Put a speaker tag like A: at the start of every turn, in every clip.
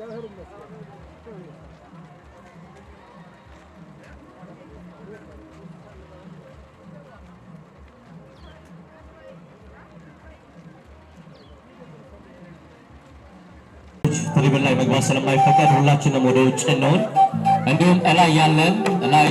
A: እግዚአብሔር ይመስገን። ትሪብል ላይ መግባት ስለማይፈቀድ ሁላችንም ወደ ውጭ ነውን። እንዲሁም እላይ ያለን እላይ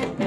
A: Thank you.